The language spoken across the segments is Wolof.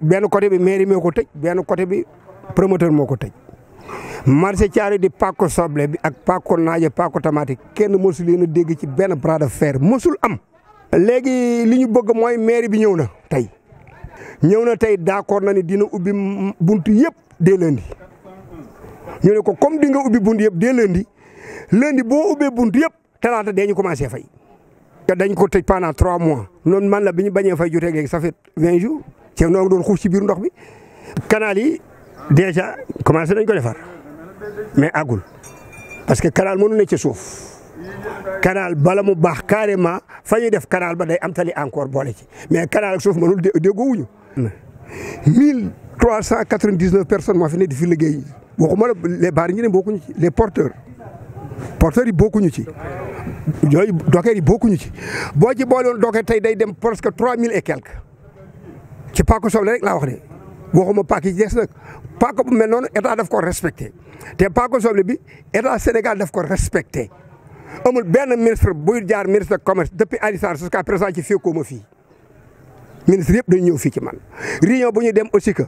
benn côté bi mairie moo ko tëj benn côté bi promoteur moo ko tëj marché Thiaroye di pàcc soble bi ak pàcc naaje pàcc tamaate kenn mosul leen a dégg ci benn bras de fer mosul am. léegi li ñu bëgg mooy mairie bi ñëw na tey ñëw na tey d'accord na ni dina ubbi bunt yëpp dès lundi ñu ne ko comme di nga ubbi bunt yëpp dès lundi lundi boo ubbee bunt yëpp talaata dee ñu commencé fay. te dañ ko tëj pendant trois mois noonu man la bi ñu bañee fay jotee léegi ça fait vingt jours. ce noo ngi doon xuus ci biir ndox mi canal yi déjà commencé nañ ko defar mais àggul parce que canal mënu ne ci suuf canal bala mu baax carrément fa ñuy def canal ba day am tali encore boole ci mais canal ak suuf mënul déggoowuñu mille trois cent quatre-vingt-dix-neuf personnes moo fi ne di fi liggéey waxuma la les bari ñu bokkuñu ci les porteurs porteurs yi bokkuñu ci yooyu docker yi bokkuñu ci boo ci boolewoon docker tey day dem presque trois mille et quelques ci pàcc soble rek laa wax de waxuma pàcc yi des nag pàcc bu mel noonu état daf ko respecté te pàcc soble bi état Sénégal def ko respecté amul benn ministre buy jaar ministre commerce depuis Aliou Sarr jusqu'à présent ci fii ma fii ministre yëpp dañu ñëw fii ci man. réunion bu ñu dem aussi que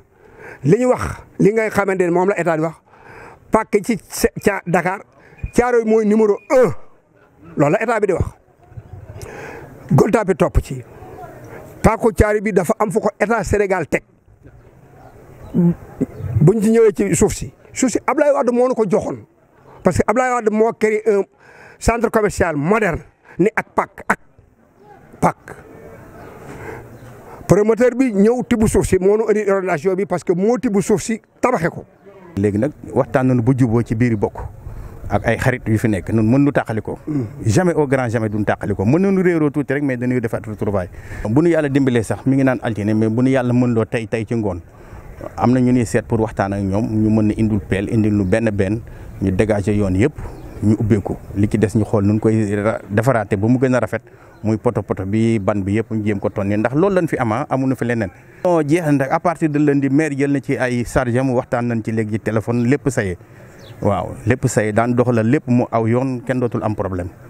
li ñu wax li ngay xamante ne moom la état di wax pàcc ci ca Dakar Thiaroye mooy numéro un loolu la état bi di wax Gueule Tapée topp ci. Paco caari bi dafa am fu ko état Sénégal teg buñ ci ñëwee ci suuf si suuf si Ablaye Wade moo nu ko joxoon parce que Ablaye Wade moo créé centre commercial moderne ni ak pak ak PAC. promoteur bi ñëw tibb suuf si moo nu indi relation bi parce que moo tibb suuf si tabaxe ko. léegi nag waxtaan nañu bu juboo ci biir bokk. ak ay xarit yu fi nekk ñun mën nu tàqaliko mm. jamais au grand jamais duñ tàqaliko mën nañu réeroo tuuti rek mais dañuy defaat retrouvaille bu nu yàlla dimbalee sax mi ngi naan altine mais bu nu yàlla mën loo tey tey ci ngoon am na ñu ñuy seet pour waxtaan ak ñoom ñu mën na indul peel indil lu benn benn ñu dégager yoon yëpp ñu ubbeeku li ci des ñu xool nun koy defaraate ba mu gën a rafet muy potopoto poto bi ban bi yëpp ñu jéem ko tonni ndax loolu lañ fi ama ah, amuñu fi leneen non jeex na à partir de lundi maire jël na ci ay charge mu waxtaan nañ ci léegi ci lépp saye waaw lépp say daan dox la lépp mu aw yoon kenn dootul am problème